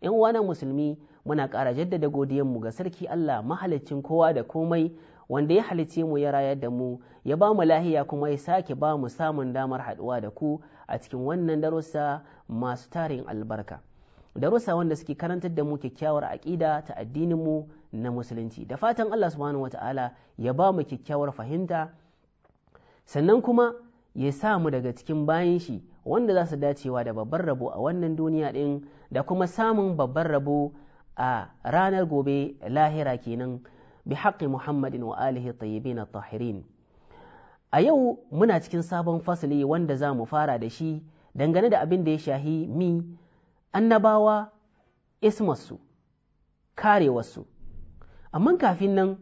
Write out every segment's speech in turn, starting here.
yan uwana musulmi muna ƙara jaddada godiyanmu ga sarki Allah mahalicin kowa da komai wanda ya halice mu ya rayar da mu ya ba mu lahiya kuma ya sake ba mu samun damar haɗuwa da ku a cikin wannan darussa masu tarin albarka darussa wanda suke karantar da mu kyakkyawar aƙida ta addinin mu na musulunci da fatan Allah subhanahu wata'ala ya ba mu kyakkyawar fahimta sannan kuma ya sa mu daga cikin bayan shi wanda za su dacewa da babban rabo a wannan duniya ɗin da kuma samun babban rabo a ranar gobe lahira kenan bi haƙƙi muhammadin wa alihi tayyibin tahirin a yau muna cikin sabon fasali wanda za mu fara da shi dangane da abin da ya shahi mi annabawa ismarsu karewarsu amma kafin nan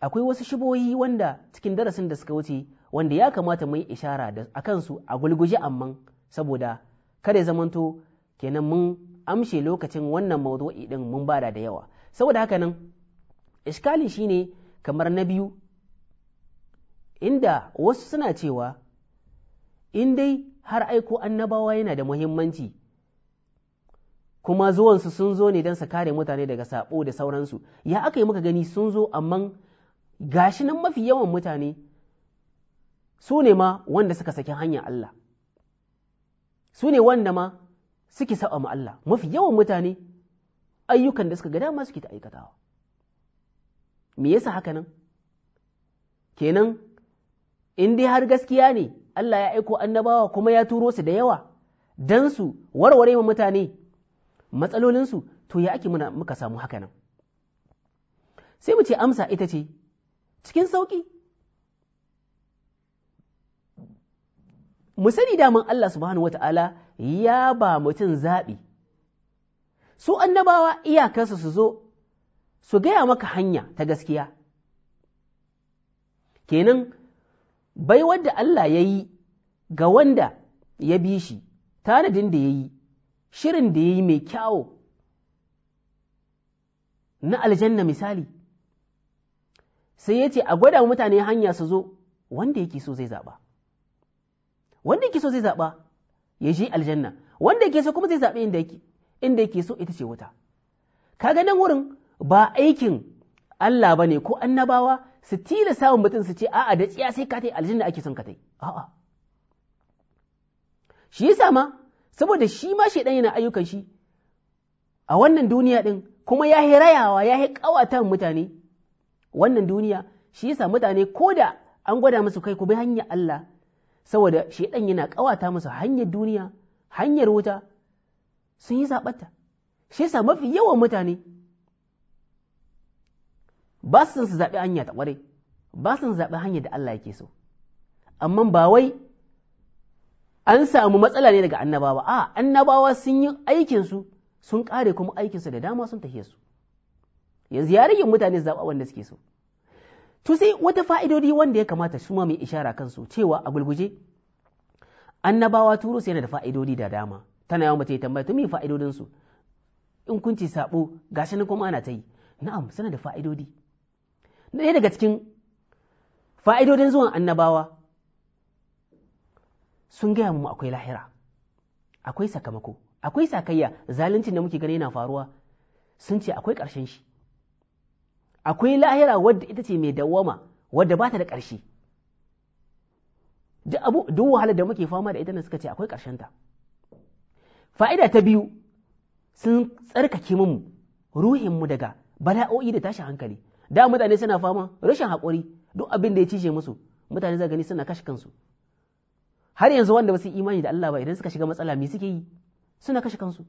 akwai wasu shiboyi wanda cikin darasin da suka wuce wanda ya kamata mu yi ishara da a kansu a gulguje amma saboda kada zamanto kenan mun amshe lokacin wannan mawdu'i din mun bada da yawa saboda haka nan iskali shine kamar na biyu inda wasu suna cewa in dai har aiko annabawa yana da muhimmanci kuma zuwansu sun zo ne don su kare mutane daga sabo da sauransu ya aka yi muka gani sun zo amma gashi nan mafi yawan mutane su ne ma wanda suka saki hanyar Allah su ne wanda ma suke saba ma Allah mafi yawan mutane ayyukan da suka ga dama suke ta aikatawa me yasa haka nan kenan in dai har gaskiya ne Allah ya aiko annabawa kuma ya turo su da yawa dan su warware wa mutane matsalolinsu to ya ake muka samu haka nan sai mu ce amsa ita ce cikin sauƙi mu sani daman Allah subhanahu ta’ala ya ba mutum zaɓi su annabawa iyakarsa su zo su gaya maka hanya ta gaskiya kenan bai wadda Allah ya yi ga wanda ya bi shi tanadin da ya yi shirin da ya yi mai kyawo na aljanna misali sai ya ce a gwada mutane hanya su zo wanda yake so zai zaɓa wanda yake so zai zaɓa ya je aljanna wanda yake so kuma zai zaɓi inda yake inda yake so ita ce wuta kaga nan wurin ba aikin Allah ba ne ko annabawa su tila samun mutum su ce a'a da tsiya sai ka tai aljanna ake son ka tai a'a shi yasa ma saboda shi ma shedan yana ayyukan shi a wannan duniya din kuma ya rayawa ya yi kawatan mutane wannan duniya shi yasa mutane ko da an gwada musu kai ku bi hanyar Allah saboda shaidan yana kawata musu hanyar duniya hanyar wuta sun yi zaɓata shi yasa mafi yawan mutane ba su su zaɓi hanya ta ƙwarai ba su zaɓi hanyar da Allah yake so amma ba wai an samu matsala ne daga annabawa a annabawa sun yi aikinsu sun ƙare kuma aikinsu da dama sun tafiye su yanzu ya rage mutane zaɓa wanda suke so to sai wata fa'idodi wanda ya kamata su ma mai ishara kansu cewa a gulguje annabawa turus yana da fa'idodi da dama tana yawan mace tambaya to mai fa'idodinsu. in kun ci sabo ga shi kuma ana ta yi na'am suna da fa'idodi ɗaya daga cikin fa'idodin zuwan annabawa sun gaya mu akwai lahira akwai sakamako akwai sakayya zalunci da muke gani yana faruwa sun ce akwai ƙarshen shi akwai lahira wadda ita ce mai dawwama wadda ba ta da ƙarshe duk abu duk wahala da muke fama da ita ne suka ce akwai ta. fa'ida ta biyu sun tsarkake mu ruhinmu daga bala'o'i da tashin hankali da mutane suna fama rashin haƙuri duk abin da ya cije musu mutane za gani suna kashe kansu har yanzu wanda ba su imani da Allah ba idan suka shiga matsala me suke yi suna kashe kansu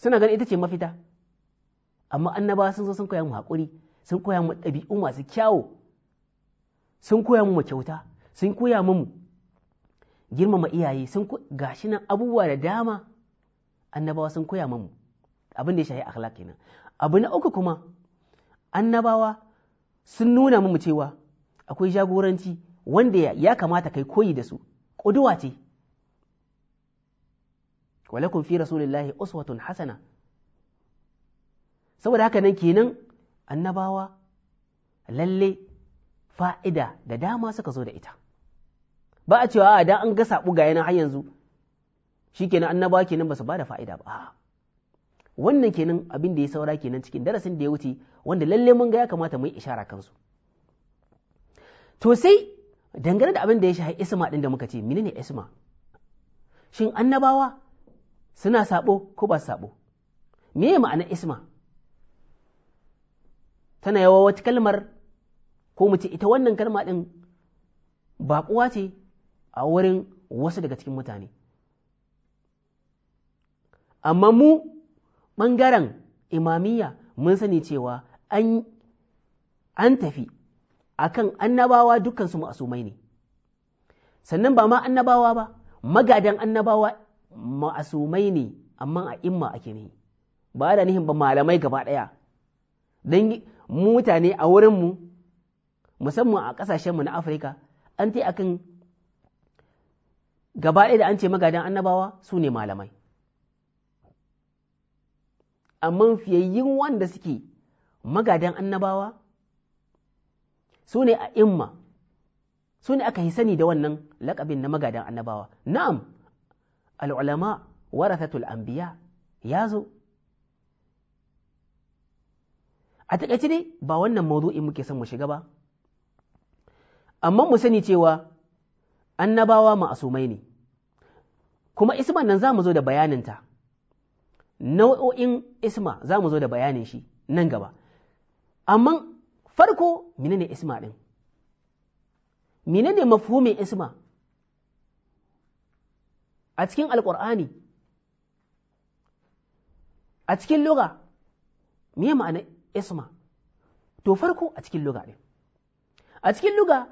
suna ganin ita ce mafita amma annabawa sun zo sun koya mu hakuri, sun koya mu ɗabi'u masu kyawu sun koya mu kyauta sun koya mu girmama iyaye sun gashi nan abubuwa da dama annabawa sun koya mu abin da ya shahi akhlaq kenan abu na uku kuma annabawa sun nuna mu cewa akwai jagoranci wanda ya kamata kai koyi da su ƙuduwa ce walakum fi rasulillahi uswatun hasana saboda haka nan kenan annabawa lalle fa'ida da dama suka zo da ita ba a cewa a da an ga saɓu ga yana har yanzu shi kenan annabawa kenan ba su ba da fa'ida ba wannan kenan abin da ya saura kenan cikin darasin da ya wuce wanda lalle mun ga ya kamata mu yi ishara kansu to sai dangane da abin da ya shahi isma din da muka ce ne isma shin annabawa suna saɓo, ko ba su saɓo? me ma'ana isma tana yawa wata kalmar ko mu ce ita wannan kalma ɗin baƙuwa ce a wurin wasu daga cikin mutane amma mu ɓangaren imamiyya mun sani cewa an an tafi akan annabawa dukkansu ma'asumai ne sannan ba ma annabawa ba magadan annabawa ma'asumai ne amma a imma ake ne ba da nihin ba malamai gaba ɗaya don mutane a wurinmu musamman a ƙasashenmu na afirka an ta akan gaba ɗaya da an ce magadan annabawa su ne malamai amma fiyayyin wanda suke magadan annabawa su ne a imma su ne aka yi sani da wannan lakabin na magadan annabawa na'am al'ulama warathatul anbiya ya zo a takaice dai ba wannan mawdu'i muke son mu shiga ba amma mu sani cewa annabawa ma'asumai ne kuma isma nan za mu zo da bayaninta nau'o'in isma za mu zo da bayanin shi nan gaba amma farko menene isma ɗin menene mafhumin isma a cikin alƙur'ani a cikin lura me ma'ana isma to farko a cikin luga ɗin a cikin luga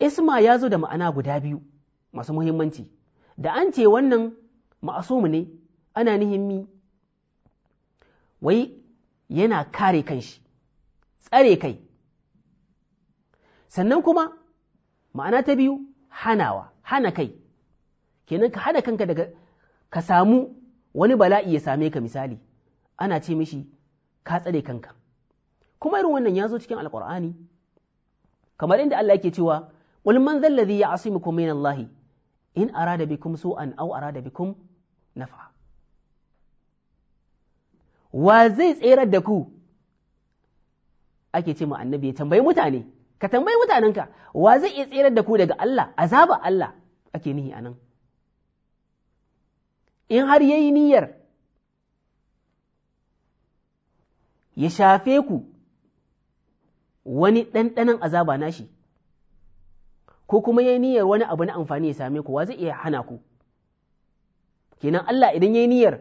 isma ya zo da ma'ana guda biyu masu muhimmanci da an ce wannan ma'asumu ne ana nihimmi wai yana kare kanshi tsare kai sannan kuma ma'ana ta biyu hanawa hana kai kenan ka hana kanka daga ka samu wani bala'i ya same ka misali ana ce mishi ka tsare kanka kuma irin wannan ya zo cikin alkur'ani kamar inda Allah yake cewa qul man dhal ladhi ya'simukum min Allah in arada bikum su'an aw arada bikum naf'a wa zai tserar da ku ake ce ma annabi ya tambayi mutane ka tambayi mutanenka wa zai iya tserar da ku daga Allah azaba Allah ake nihi anan in har yayi niyyar ya shafe ku wani ɗanɗanan azaba nashi ko kuma ya yi niyyar wani abu na amfani ya same ku wa zai iya hana ku kenan Allah idan ya yi niyyar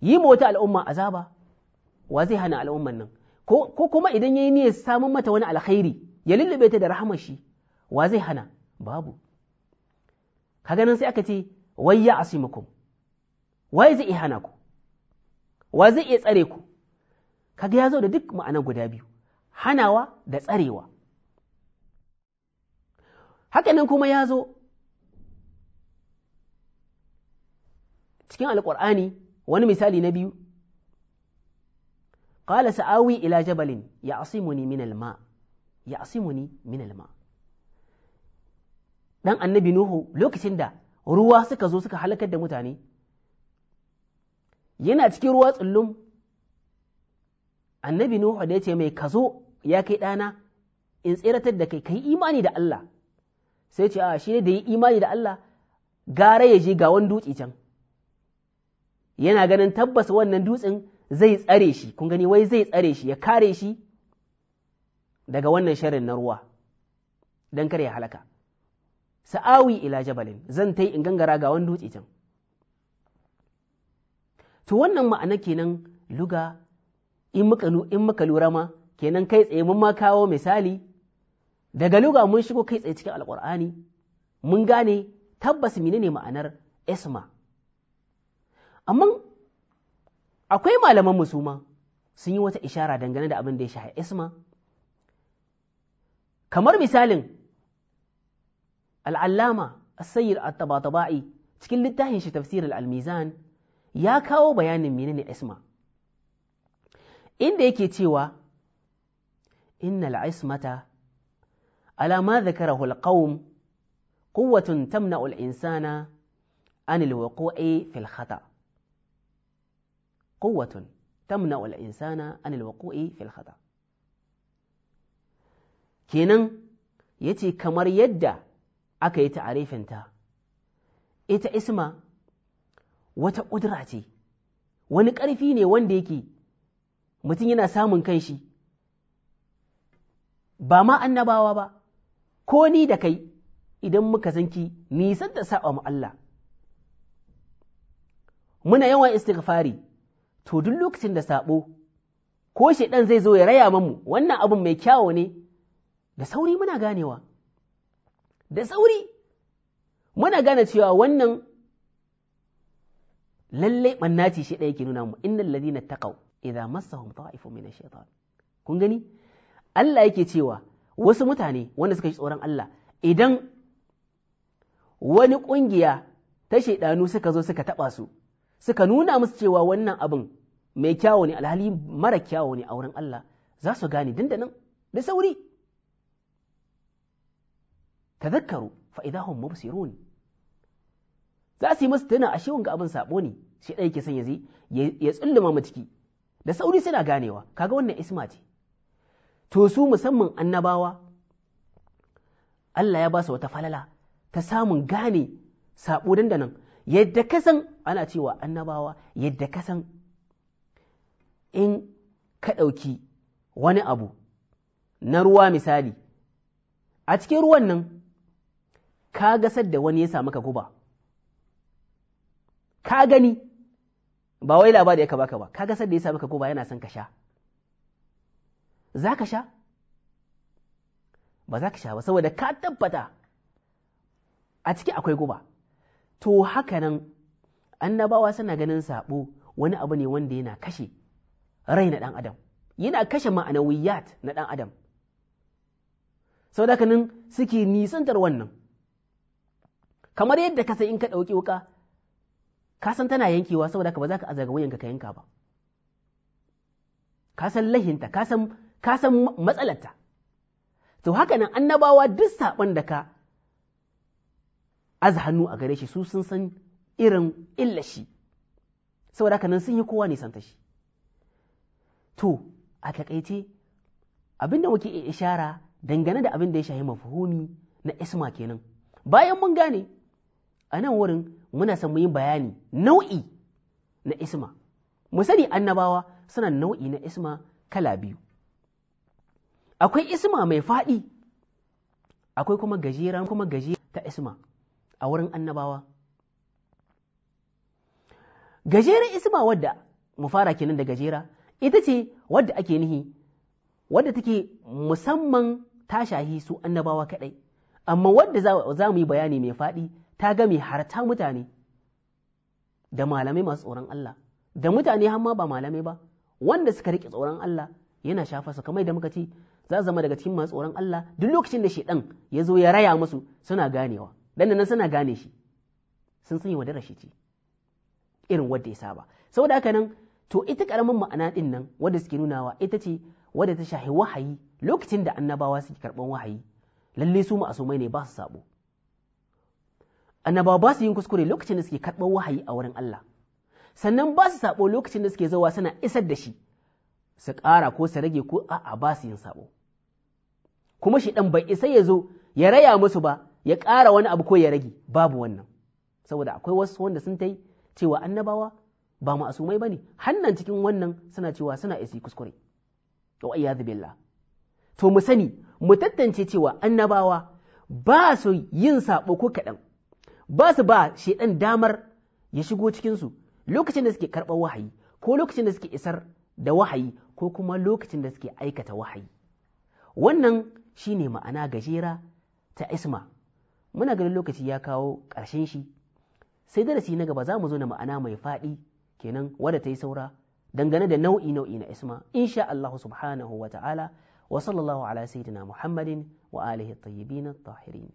yi ma wata al'umma azaba wa zai hana al'umman nan ko kuma idan ya yi niyyar samun mata wani alkhairi ya lullube ta da rahamar shi wa zai hana babu Ka ganin sai aka ce wai ya asimakum wai zai iya hana ku wa zai iya tsare ku kaga ya zo da duk ma'ana guda biyu hanawa da tsarewa hakanan kuma ya zo cikin alƙur'ani wani misali na biyu قال سآوي إلى جبل يعصمني من الماء يعصمني min alma. dan annabi Nuhu lokacin da ruwa suka zo suka halakar da mutane yana cikin ruwa tsullum annabi Nuhu da ya ce mai kazo ya kai ɗana in tseratar da kai kai imani da Allah sai ce a shi ne da yi imani da Allah gara ya je ga wani dutse can yana ganin tabbas wannan dutsen zai tsare shi kun gani wai zai tsare shi ya kare shi daga wannan sharin na ruwa Dan kare halaka sa'awi ila jabalin zan tai in gangara ga wani dutse can to wannan ma'ana kenan luga in muka lura ma kenan kai tsaye mun ma kawo misali daga luga mun shigo kai tsaye cikin alkur'ani mun gane tabbas ne ma'anar isma amma akwai malaman mu musuma sun yi wata ishara dangane da abin da ya shaha isma kamar misalin al'allama as-sayyid at-tabatabai cikin littafin shi tafsir al-mizan ya kawo bayanin menene isma inda yake cewa innal ismata ala ma dhakarahu alqawm quwwatun tamna'u al-insana an al-wuqu'i fil khata quwwatun tamna'u al-insana an al-wuqu'i khata kenan yace kamar yadda aka yi arefinta, ita isma wata ƙudura ce wani ƙarfi ne wanda yake mutum yana samun shi ba ma annabawa ba ko ni da kai idan muka ki nisan da saba mu Allah muna yawan istighfari to duk lokacin da sabo ko shaidan zai zo ya raya mamu wannan abin mai kyawo ne da sauri muna ganewa da sauri muna gane cewa wannan lallai ɓannaci shi ɗaya ke nuna mu innal ladina taqaw idza massahum ta'ifun min ash-shaytan kun gani Allah yake cewa wasu mutane wanda suka ji tsoron Allah idan wani kungiya ta shaidanu suka zo suka taba su suka nuna musu cewa wannan abin mai kyawo ne alhali mara kyawo ne a wurin Allah za su gane dandanan da sauri tadhakkaru fa hum mubsirun za su yi musu tana ashe wanga abin sabo ne shi ɗaya ke son ya ya tsulluma mu ciki da sauri suna ganewa kaga wannan isma ce to su musamman annabawa Allah ya ba su wata falala ta samun gane sabo dandanan yadda kasan ana cewa annabawa yadda kasan in ka ɗauki wani abu na ruwa misali a cikin ruwan nan ka gasar da wani ya samu ka guba ka gani ba wai labari ya ka baka ba kaga sanda ya sami ka ko yana son ka sha za ka sha ba za ka sha ba saboda ka tabbata a ciki akwai guba to haka nan annabawa suna ganin sabo wani abu ne wanda yana kashe rai na ɗan adam yana kashe ma'anawiyat na ɗan adam saboda haka nan suke nisantar wannan kamar yadda ka sai in ka ɗauki wuka ka san tana yankewa saboda ka ba za ka azaga wuyanka ka yanka ba ka san lahinta ka san ka san matsalarta to haka nan annabawa duk sabon da ka az hannu a gare shi su sun san irin illa shi saboda haka nan sun yi kowa ne santa shi to a takaice da muke ishara dangane da abin da ya shahi mafhumi na isma kenan bayan mun gane a nan wurin muna son mu yi bayani nau'i na isma mu sani annabawa suna nau'i na isma kala biyu akwai isma mai faɗi akwai kuma gajeran kuma gaje ta isma a wurin annabawa gajeren isma wadda mu fara kenan da gajera ita ce wadda ake nihi wadda take musamman ta shahi su annabawa kaɗai amma wadda za mu yi bayani mai faɗi ta ga mai harta mutane da malamai masu tsoron Allah da mutane hamma ba malamai ba wanda suka riƙe tsoron Allah yana shafa su kamar da muka ci za zama daga cikin masu tsoron Allah duk lokacin da shedan ya zo ya raya musu suna ganewa dan nan suna gane shi sun sanya wadar shi ce irin wanda ya saba saboda haka nan to ita karamin ma'ana din nan wanda suke nunawa ita ce wadda ta shahi wahayi lokacin da annabawa suke karban wahayi lalle su ma'asumai ne ba su sabo annabawa ba su yin kuskure lokacin da suke karɓar wahayi a wurin Allah sannan ba su sabo lokacin da suke zawa suna isar da shi su ƙara ko su rage ko a'a ba su yin saɓo. kuma shi ɗan bai isa ya zo ya raya musu ba ya ƙara wani abu ko ya rage babu wannan saboda akwai wasu wanda sun ta yi cewa annabawa ba ma'asumai ba ne hannan cikin wannan suna cewa suna isi kuskure wa iyadu billah to mu sani mu tantance cewa annabawa ba su yin sabo ko kaɗan ba su ba shaidan damar ya shigo cikinsu lokacin da suke karɓar wahayi ko lokacin da suke isar da wahayi ko kuma lokacin da suke aikata wahayi wannan shine ma'ana gajera ta isma muna ganin lokaci ya kawo ƙarshen shi sai darasi na gaba za mu zo na ma'ana mai faɗi kenan wadda ta yi saura dangane da nau'i nau'i na isma insha Allah subhanahu wa ta'ala wa sallallahu ala sayyidina Muhammadin wa alihi tayyibin tahirin